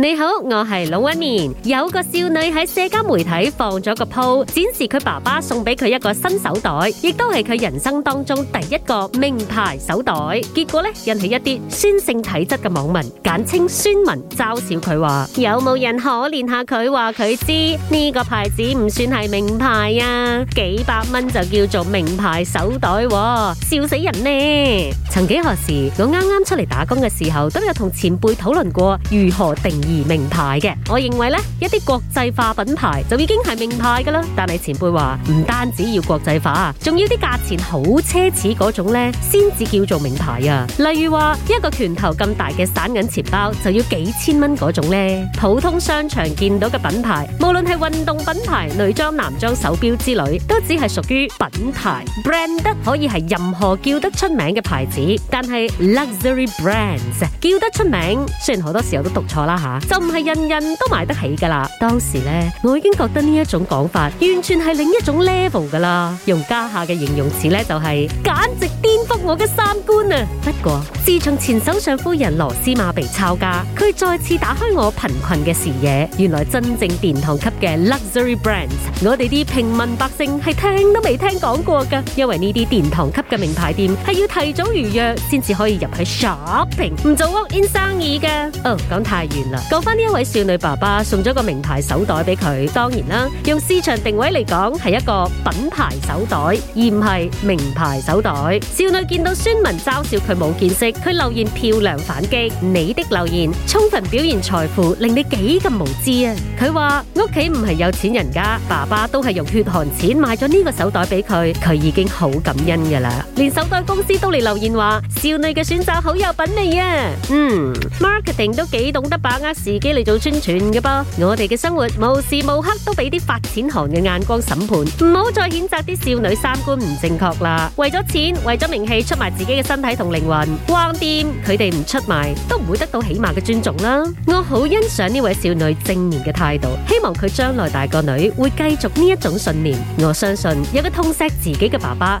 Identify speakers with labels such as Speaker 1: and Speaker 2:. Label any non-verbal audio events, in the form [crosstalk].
Speaker 1: 你好，我係老屈年。有個少女喺社交媒體放咗個 po 展示佢爸爸送俾佢一個新手袋，亦都係佢人生當中第一個名牌手袋。結果呢，引起一啲酸性體質嘅網民，簡稱酸文，嘲笑佢話： [noise] 有冇人可憐下佢？話佢知呢、這個牌子唔算係名牌啊，幾百蚊就叫做名牌手袋、啊，笑死人呢。」曾幾何時，我啱啱出嚟打工嘅時候，都有同前輩討論過如何定。而名牌嘅，我認為呢一啲國際化品牌就已經係名牌噶啦。但係前輩話唔單止要國際化，仲要啲價錢好奢侈嗰種呢先至叫做名牌啊。例如話一個拳頭咁大嘅散銀錢包就要幾千蚊嗰種呢，普通商場見到嘅品牌，無論係運動品牌、女裝、男裝、手錶之類，都只係屬於品牌 brand，可以係任何叫得出名嘅牌子。但係 luxury brands 叫得出名，雖然好多時候都讀錯啦吓。啊就唔係人人都買得起噶啦。當時呢，我已經覺得呢一種講法完全係另一種 level 噶啦。用家下嘅形容詞呢，就係、是、簡直顛覆我嘅三觀啊！不過自從前首相夫人羅斯瑪被抄家，佢再次打開我貧困嘅視野。原來真正殿堂級嘅 luxury brands，我哋啲平民百姓係聽都未聽講過噶。因為呢啲殿堂級嘅名牌店係要提早預約先至可以入去 shopping，唔做 online 生意噶。哦、oh,，講太遠啦。講翻呢一位少女爸爸送咗個名牌手袋俾佢，當然啦，用市場定位嚟講係一個品牌手袋，而唔係名牌手袋。少女見到孫文嘲笑佢冇見識，佢留言漂亮反擊：你的留言充分表現財富，令你幾咁無知啊！佢話屋企唔係有錢人家，爸爸都係用血汗錢買咗呢個手袋俾佢，佢已經好感恩噶啦。連手袋公司都嚟留言話，少女嘅選擇好有品味啊！嗯，marketing 都幾懂得把握。自己嚟做宣傳嘅噃，我哋嘅生活無時無刻都俾啲發錢行嘅眼光審判，唔好再譴責啲少女三觀唔正確啦。為咗錢，為咗名氣出賣自己嘅身體同靈魂，橫掂佢哋唔出賣都唔會得到起碼嘅尊重啦。我好欣賞呢位少女正面嘅態度，希望佢將來大個女會繼續呢一種信念。我相信有個痛惜自己嘅爸爸，